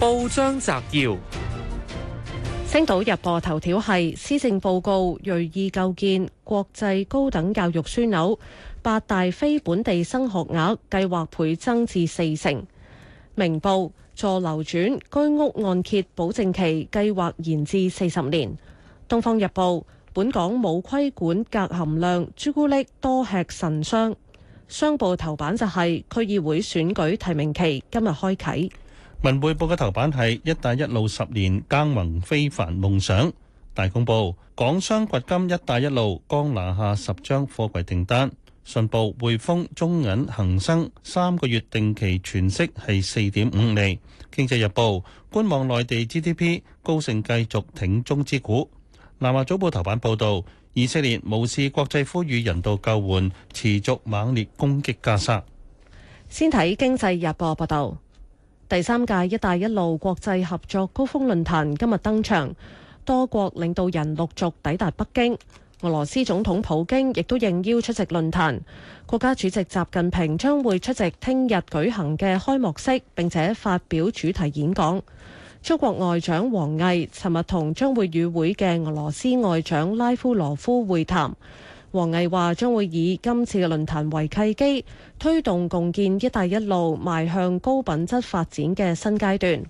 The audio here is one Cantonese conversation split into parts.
報章摘要：《星島日報》頭條係施政報告，銳意構建國際高等教育樞紐；八大非本地生學額計劃倍增至四成。《明報》助流轉居屋按揭保證期計劃延至四十年。《東方日報》本港冇規管鎘含量朱古力，多吃神傷。商報頭版就係區議會選舉提名期今日開啟。文匯報嘅頭版係“一帶一路十年耕耘，非凡夢想”。大公報：港商掘金“一帶一路”，剛拿下十張貨櫃訂單。信報：匯豐、中銀、恒生三個月定期存息係四點五厘。經濟日報：觀望內地 GDP，高盛繼續挺中資股。南華早報頭版報道：以色列無視國際呼籲人道救援，持續猛烈攻擊加沙。先睇經濟日報報道。第三屆「一帶一路」國際合作高峰論壇今日登場，多國領導人陸續抵達北京。俄羅斯總統普京亦都應邀出席論壇。國家主席習近平將會出席聽日舉行嘅開幕式，並且發表主題演講。中國外長王毅尋日同將會與會嘅俄羅斯外長拉夫羅夫會談。王毅話將會以今次嘅論壇為契機，推動共建「一帶一路」邁向高品質發展嘅新階段。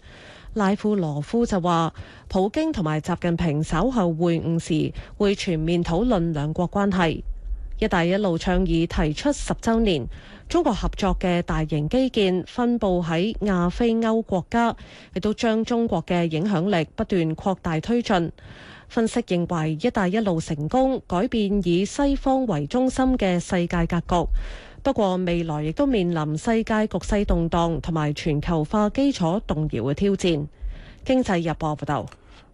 拉夫羅夫就話，普京同埋習近平稍後會晤時，會全面討論兩國關係。「一帶一路」倡議提出十週年，中國合作嘅大型基建分佈喺亞非歐國家，亦都將中國嘅影響力不斷擴大推進。分析認為，一帶一路成功改變以西方為中心嘅世界格局，不過未來亦都面臨世界局勢動盪同埋全球化基礎動搖嘅挑戰。經濟日報報、啊、道。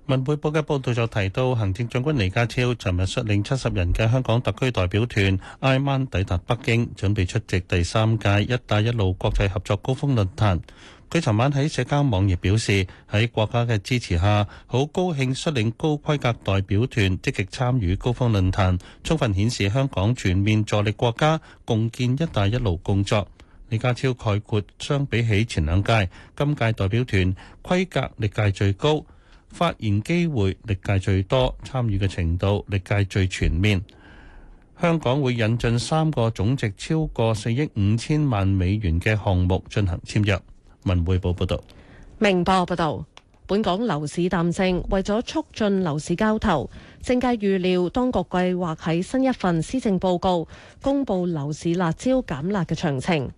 文匯報嘅報導就提到，行政長官李家超尋日率領七十人嘅香港特區代表團，挨晚抵達北京，準備出席第三屆一帶一路國際合作高峰論壇。佢尋晚喺社交網頁表示，喺國家嘅支持下，好高興率領高規格代表團積極參與高峰論壇，充分顯示香港全面助力國家共建「一帶一路」工作。李家超概括，相比起前兩屆，今屆代表團規格歷屆最高，發言機會歷屆最多，參與嘅程度歷屆最全面。香港會引進三個總值超過四億五千萬美元嘅項目進行簽約。文匯報報道，明報報道，本港樓市淡靜，為咗促進樓市交投，政界預料當局計劃喺新一份施政報告公布樓市辣招減辣嘅詳情。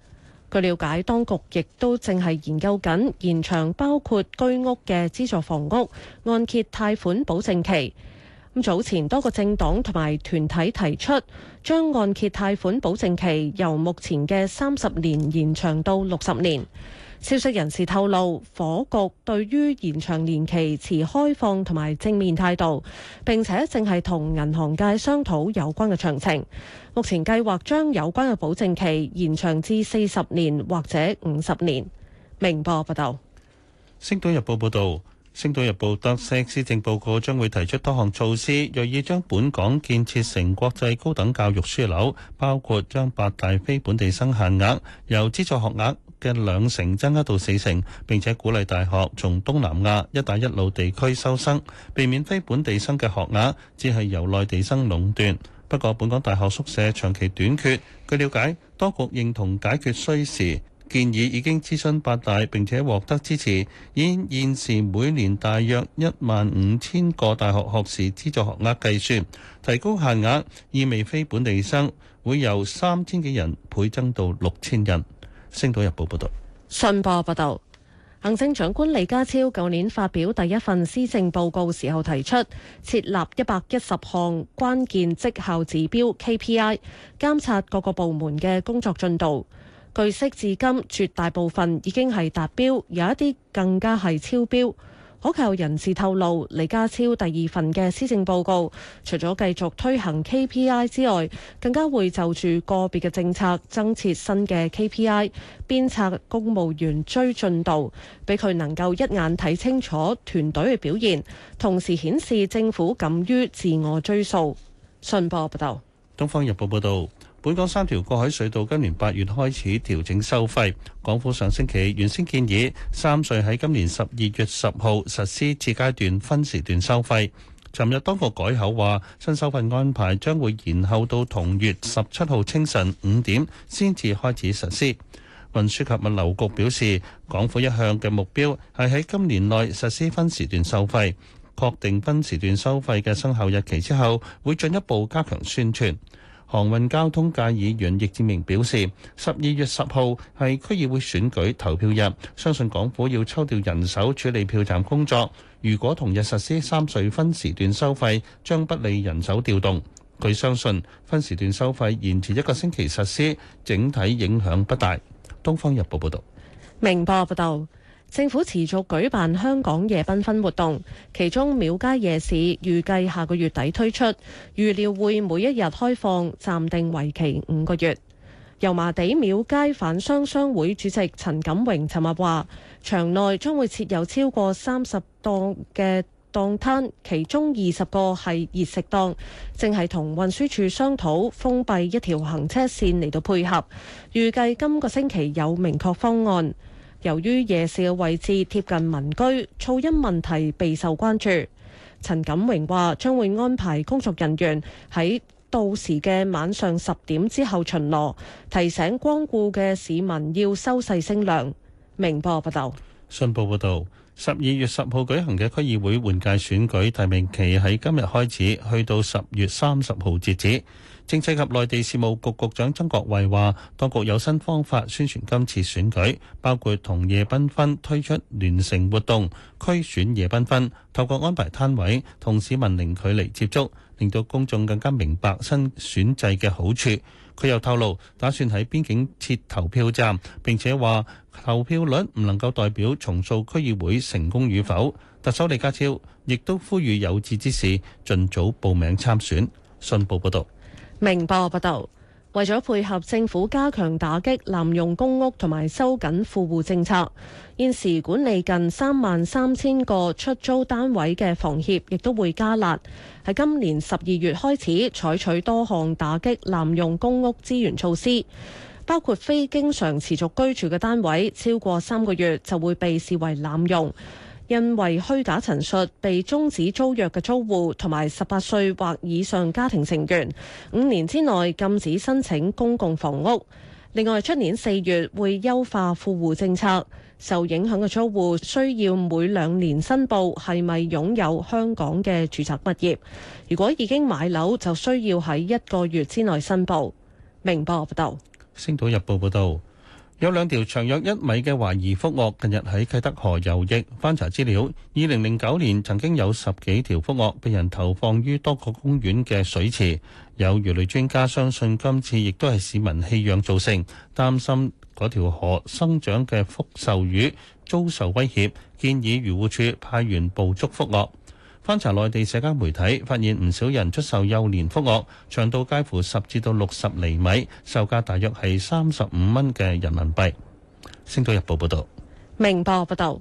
據了解，當局亦都正係研究緊延長包括居屋嘅資助房屋按揭貸款保證期。咁早前多個政黨同埋團體提出，將按揭貸款保證期由目前嘅三十年延長到六十年。消息人士透露，火局對於延長年期持開放同埋正面態度，並且正係同銀行界商討有關嘅詳情。目前計劃將有關嘅保證期延長至四十年或者五十年。明報報道。《星島日報》報道。《星島日報》得悉施政報告將會提出多項措施，銳意將本港建設成國際高等教育樞紐，包括將八大非本地生限額由資助學額嘅兩成增加到四成，並且鼓勵大學從東南亞「一帶一路」地區收生，避免非本地生嘅學額只係由內地生壟斷。不過，本港大學宿舍長期短缺，據了解，多局認同解決需時。建議已經諮詢八大，並且獲得支持，以現時每年大約一萬五千個大學學士資助學額計算，提高限額意味非本地生會由三千幾人倍增到六千人。星島日報報道。信報報道，行政長官李家超舊年發表第一份施政報告時候提出設立一百一十項關鍵績效指標 KPI，監察各個部門嘅工作進度。據悉，至今絕大部分已經係達標，有一啲更加係超標。可靠人士透露，李家超第二份嘅施政報告，除咗繼續推行 KPI 之外，更加會就住個別嘅政策增設新嘅 KPI，鞭策公務員追進度，俾佢能夠一眼睇清楚團隊嘅表現，同時顯示政府敢於自我追數。信報報道。《東方日報》報道。本港三條過海隧道今年八月開始調整收費，港府上星期原先建議三隧喺今年十二月十號實施次階段分時段收費。尋日當局改口話，新收費安排將會延後到同月十七號清晨五點先至開始實施。運輸及物流局表示，港府一向嘅目標係喺今年內實施分時段收費，確定分時段收費嘅生效日期之後，會進一步加強宣傳。航運交通界議員易志明表示，十二月十號係區議會選舉投票日，相信港府要抽調人手處理票站工作。如果同日實施三隧分時段收費，將不利人手調動。佢相信分時段收費延遲一個星期實施，整體影響不大。東方日報報道，明報報道。政府持續舉辦香港夜繽紛活動，其中廟街夜市預計下個月底推出，預料會每一日開放，暫定為期五個月。油麻地廟街販商商會主席陳錦榮尋日話，場內將會設有超過三十檔嘅檔攤，其中二十個係熱食檔，正係同運輸署商討封閉一條行車線嚟到配合，預計今個星期有明確方案。由於夜市嘅位置貼近民居，噪音問題備受關注。陳錦榮話將會安排工作人員喺到時嘅晚上十點之後巡邏，提醒光顧嘅市民要收細聲量。明報報導。信報報導，十二月十號舉行嘅區議會換屆選舉提名期喺今日開始，去到十月三十號截止。政制及內地事務局局長曾國衛話，當局有新方法宣傳今次選舉，包括同夜繽紛推出聯城活動，區選夜繽紛，透過安排攤位同市民零距離接觸。令到公眾更加明白新選制嘅好處，佢又透露打算喺邊境設投票站。並且話投票率唔能夠代表重塑區議會成功與否。特首李家超亦都呼籲有志之士盡早報名參選。信報報道：明「明報報道。」為咗配合政府加強打擊濫用公屋同埋收緊富戶政策，現時管理近三萬三千個出租單位嘅房協亦都會加辣。喺今年十二月開始採取多項打擊濫用公屋資源措施，包括非經常持續居住嘅單位，超過三個月就會被視為濫用。因為虛假陳述被終止租約嘅租戶同埋十八歲或以上家庭成員，五年之內禁止申請公共房屋。另外，出年四月會優化富戶政策，受影響嘅租戶需要每兩年申報係咪擁有香港嘅住宅物業。如果已經買樓，就需要喺一個月之內申報。明報報道，《星島日報》報道。有兩條長約一米嘅懷疑福鱷，近日喺啟德河遊弋翻查資料。二零零九年曾經有十幾條福鱷被人投放於多個公園嘅水池，有魚類專家相信今次亦都係市民棄養造成。擔心嗰條河生長嘅福壽魚遭受威脅，建議漁護署派員捕捉福鱷。翻查內地社交媒體，發現唔少人出售幼年福鱷，長度介乎十至到六十厘米，售價大約係三十五蚊嘅人民幣。星島日報報道。明報報道，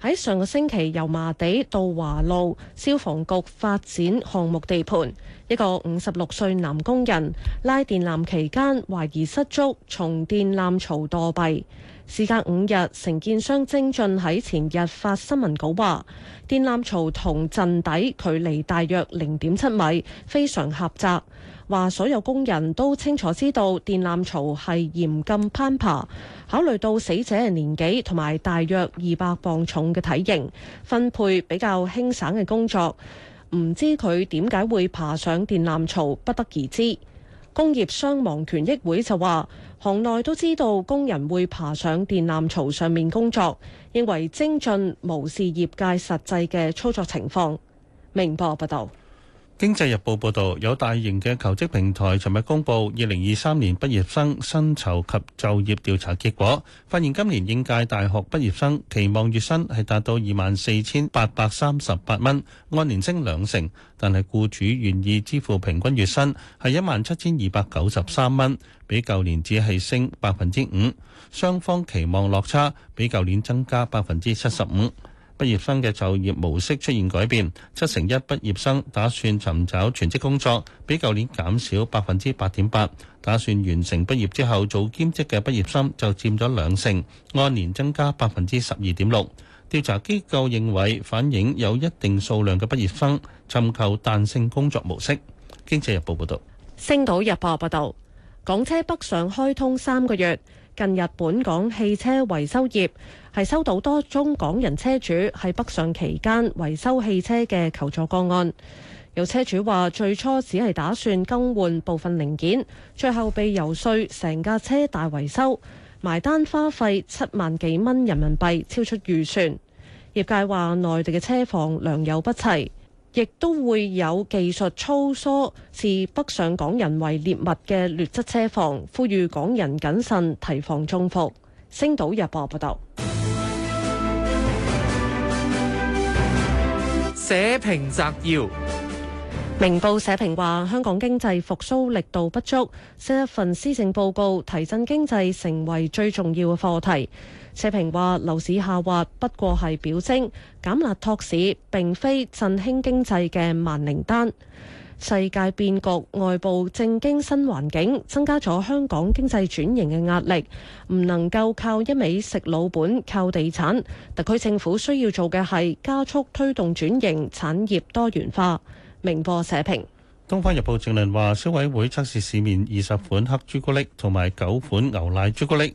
喺上個星期，油麻地到華路消防局發展項目地盤，一個五十六歲男工人拉電纜期間，懷疑失足從電纜槽墮斃。事隔五日，承建商精進喺前日發新聞稿話，電纜槽同墳底距離大約零點七米，非常狹窄。話所有工人都清楚知道電纜槽係嚴禁攀爬。考慮到死者嘅年紀同埋大約二百磅重嘅體型，分配比較輕省嘅工作。唔知佢點解會爬上電纜槽，不得而知。工業傷亡權益會就話，行內都知道工人會爬上電纜槽上面工作，認為精進無視業界實際嘅操作情況。明報報道。經濟日報報道，有大型嘅求職平台尋日公布二零二三年畢業生薪酬及就業調查結果，發現今年應屆大學畢業生期望月薪係達到二萬四千八百三十八蚊，按年升兩成，但係僱主願意支付平均月薪係一萬七千二百九十三蚊，比舊年只係升百分之五，雙方期望落差比舊年增加百分之七十五。畢業生嘅就業模式出現改變，七成一畢業生打算尋找全職工作，比舊年減少百分之八點八。打算完成畢業之後做兼職嘅畢業生就佔咗兩成，按年增加百分之十二點六。調查機構認為反映有一定數量嘅畢業生尋求彈性工作模式。經濟日報報道。星島日報報道，港車北上開通三個月，近日本港汽車維修業。係收到多宗港人車主喺北上期間維修汽車嘅求助個案。有車主話，最初只係打算更換部分零件，最後被游說成架車大維修，埋單花費七萬幾蚊人民幣，超出預算。業界話，內地嘅車房良莠不齊，亦都會有技術粗疏，視北上港人為獵物嘅劣質車房，呼籲港人謹慎提防中伏。星島日報、啊、報道。社評摘要：明報社評話，香港經濟復甦力度不足，新一份施政報告提振經濟成為最重要嘅課題。社評話，樓市下滑不過係表徵，減壓托市並非振興經濟嘅萬靈丹。世界變局、外部政經新環境，增加咗香港經濟轉型嘅壓力，唔能夠靠一味食老本、靠地產。特區政府需要做嘅係加速推動轉型、產業多元化。明報社評。《東方日報人》報道話，消委會測試市面二十款黑朱古力同埋九款牛奶朱古力。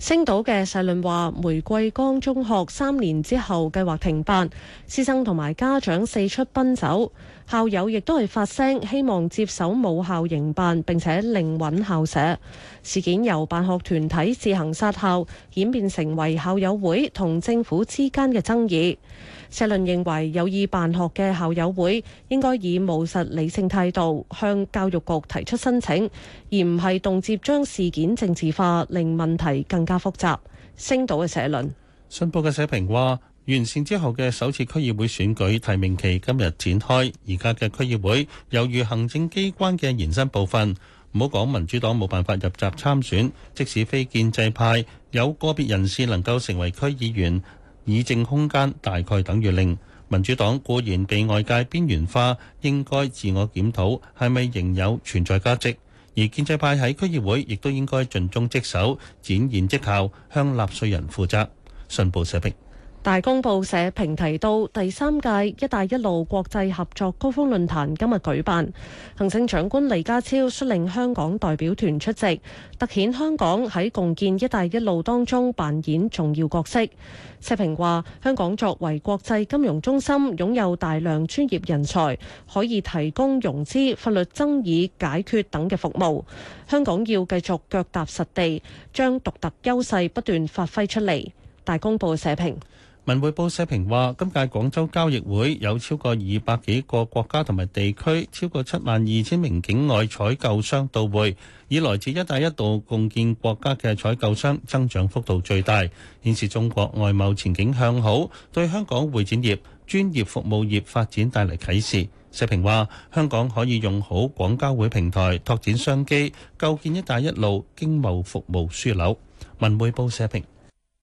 星島嘅社論話：玫瑰崗中學三年之後計劃停辦，師生同埋家長四出奔走。校友亦都係發聲，希望接手母校營辦並且另揾校舍。事件由辦學團體自行殺校，演變成為校友會同政府之間嘅爭議。社論認為有意辦學嘅校友會應該以務實理性態度向教育局提出申請，而唔係動輒將事件政治化，令問題更加複雜。星島嘅社論，信報嘅社評話。完善之後嘅首次區議會選舉提名期今日展開。而家嘅區議會猶如行政機關嘅延伸部分，唔好講民主黨冇辦法入閘參選，即使非建制派有個別人士能夠成為區議員，議政空間大概等於零。民主黨固然被外界邊緣化，應該自我檢討，係咪仍有存在價值？而建制派喺區議會亦都應該盡忠職守，展現績效，向納稅人負責。信報社評。大公報社評提到，第三屆“一帶一路”國際合作高峰論壇今日舉辦，行政長官李家超率領香港代表團出席，凸顯香港喺共建“一帶一路”當中扮演重要角色。社評話，香港作為國際金融中心，擁有大量專業人才，可以提供融資、法律爭議解決等嘅服務。香港要繼續腳踏實地，將獨特優勢不斷發揮出嚟。大公報社評。文匯報社評話：今屆廣州交易會有超過二百幾個國家同埋地區，超過七萬二千名境外採購商到會，以來自一帶一路共建國家嘅採購商增長幅度最大，顯示中國外貿前景向好，對香港會展業、專業服務業發展帶嚟啟示。社評話：香港可以用好廣交會平台拓展商機，構建一帶一路經貿服務樞紐。文匯報社評。